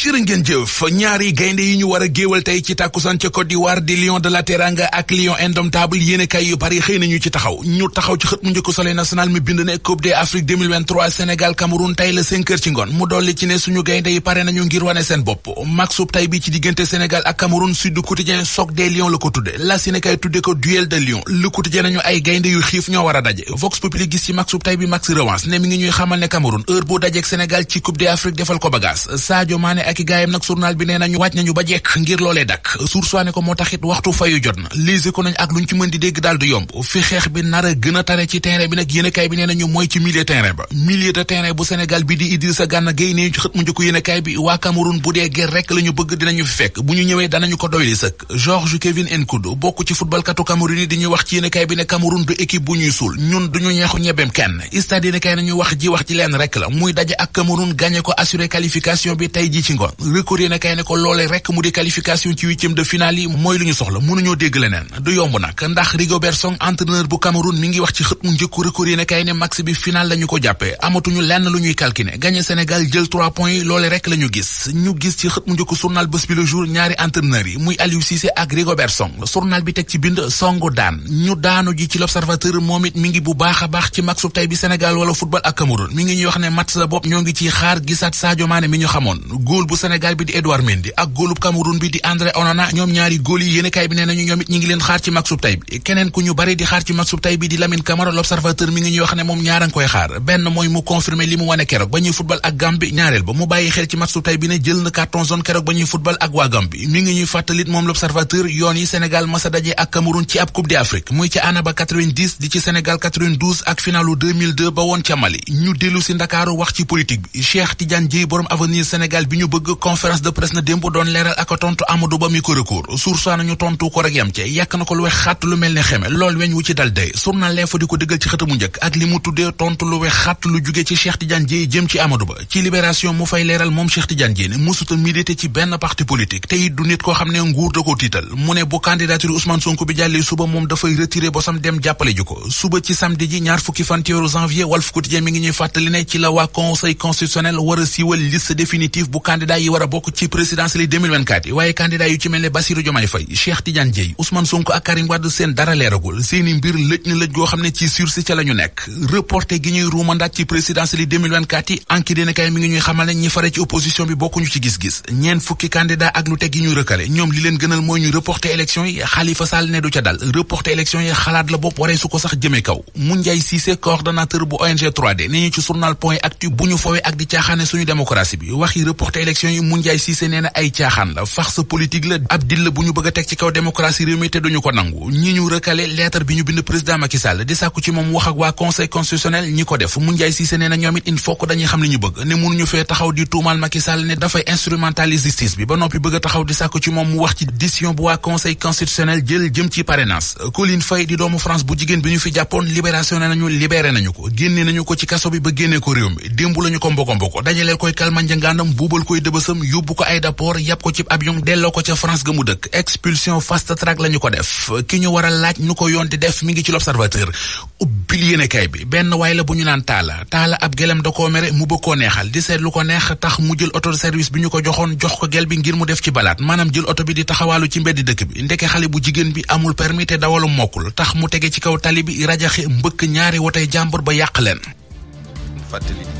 jërë ngeen jëf ñaari gaynde yi ñu war a géewal tey ci tàkkusaan ca Côte d'Ivoire di Lion de la Teranga ak Lion indomptable yéen kay yu bari xëy nañu ci taxaw ñu taxaw ci xët mu njëkk Soleil national mi bind ne Coupe d'Afrique 2023 Sénégal Cameroun tey la cinq heures ci ngoon mu dolli ci ne suñu gaynde yi pare nañu ngir wane seen bopp maxub tay bi ci diggante Sénégal ak Cameroun Sud Quotidien soog des Lions la ko tudde la Sénégal tudde ko duel de Lion Le Quotidien nañu ay gaynde a daje Vox Populi gis ci maxub tay bi max ngi ñuy xamal ne Cameroun heure boo dajeek Sénégal ci Coupe d defal ko bagage Sadio Mané ak i gaayam nag journal bi nee nañu wàcc nañu ba jekk ngir loolee dakk sursoi ne ko moo taxit waxtu fayu jot na lise ko nañ ak luñ ci mën di dégg daal du yomb fi xeex bi nar a gën tare ci terrain bi nag yéenekaay bi nee nañu mooy ci milieu terrain ba milieu de terrain bu Sénégal bi di Idrissa Gana Gueye nee bu dee guerre rekk la ñu bëgg dinañu fi fekk bu ñu ñëwee danañu ko doy li sëkk George Kevin Nkoudou bokk ci footballkatu Cameroun yi di wax ci yéenekaay bi ne Cameroun du équipe bu ñuy suul ñun duñu ñeexu ñebeem kenn stade yéenekaay nañu wax wax ci leen rek la muy daje ak Cameroun gagné ko assuré qualification bi tey ji ngoon record yéen a kay ne ko loolee rek mu di qualification ci huitième de finale yi mooy lu ñu soxla mënuñoo dégg leneen du yomb nag ndax Rigobert Song entraîneur bu Cameroun mi ngi wax ci xët mu njëkku record yéen ne max bi final lañu ko jàppee amatuñu lenn lu ñuy calculer gagné Sénégal jël trois points yi loolee rek la ñu gis ñu gis ci xët mu njëkku journal bés bi le jour ñaari entraîneurs yi muy Aliou Cissé ak Rigobert Song journal bi teg ci bind Songo daan ñu daanu ji ci l'observateur moom it mi ngi bu baax a baax ci maxub tey bi Sénégal wala football ak Cameroun mi ngi ñuy wax ne match la bopp ñoo ngi ciy xaar gisaat Sadio Mané mi ñu xamoon bu Sénégal bi di Edouard Mendy ak góolub Cameroun bi di André Onana ñoom ñaari góol yi yéenekaay bi nee nañu ñoom it ñi ngi leen xaar ci match bi keneen ku ñu bari di xaar ci match bi di Lamine Camara l'observateur mi ngi ñuy wax ne moom ñaar ngi koy xaar benn mooy mu confirmer li mu wane keroog ba ñuy football ak Gambie ñaareel ba mu bàyyi xel ci match bi ne jël na carton jaune ba ñuy football ak waa Gambie mi ngi ñuy fàttalit moom l'observateur bëgg conférence de presse na démb doon leeral ak tontu Amadou Ba mi ko recours sursaa nañu tontu ko rek yam ci yàq na ko lu wex xàtt lu mel ne xeme lool weñ wu ci dal day journal L'Info ko dëggal ci xëtamu njëkk ak li mu tuddee tontu lu wex xàtt lu jugee ci Cheikh Tidiane Dièye jëm ci Amadou Ba ci libération mu fay leeral moom Cheikh Tidiane Dièye ne musuta ci benn parti politique te du nit koo xam ne nguur da ko tiital mu ne bu candidature Ousmane Sonko a candidat yi war bokk ci présidentielle yi waaye candidat yu ci mel ne Bassirou Diomaye Faye Cheikh Tidiane Dièye Ousmane Sonko ak Karim seen dara leeragul seeni mbir lëj na lëj goo xam ne ci sursis ca la nekk reporté gi ñuy ruumandaat ci ci opposition bi bokkuñu yi ñuy rëkkale yi xalaat la bopp waree su ko sax jëmee kaw Moundiaye Cissé coordonnateur bu ONG 3D ne ñu ci journal point actu bu ñu fowee ak di caaxaane suñu démocratie bi waxi reporté élection élection yi Moundiaye Cissé ay caaxaan la farce politique la ab dil bu ñu bëgg a teg ci kaw démocratie réew mi te duñu ko nangu ñi ñu recalé lettre bi ñu bind président Macky di sàkku ci moom wax ak waa conseil constitutionnel ñi ko def Moundiaye Cissé nee na ñoom it il faut que dañuy xam li ñu bëgg ne mënuñu fee taxaw di tuumaal Macky ne dafay instrumentalise justice bi ba noppi bëgg a taxaw di sàkku ci moom mu wax ci décision bu waa conseil constitutionnel jël jëm ci parrainage Colline doomu France bu jigéen bi ñu fi jàppoon libération nañu libéré nañu ko génne nañu ko ci kaso bi ba génnee ko réew mi démb ko mboko mboko dajalee koy bësam yóbbu ko aéroport yàpp ko ci avion delloo ko ca France ga mu dëkk expulsion fast track la ko def ki ñu war a laaj nu ko yoon di def mu ngi ci l'observateur ubbil yéenekaay bi benn waay la bu ñu naan taala taala ab gelam da koo mere mu bëgg koo neexal di seet lu ko neex tax mu jël auto service bi ñu ko joxoon jox ko gel bi ngir mu def ci balaat maanaam jël oto bi di taxawaalu ci mbedd dëkk bi ndeke xale bu jigéen bi amul permis te dawalu mokkul tax mu tege ci kaw tali bi rajaxe mbëkk ñaari wotey jàmbur ba yàq leen fàttali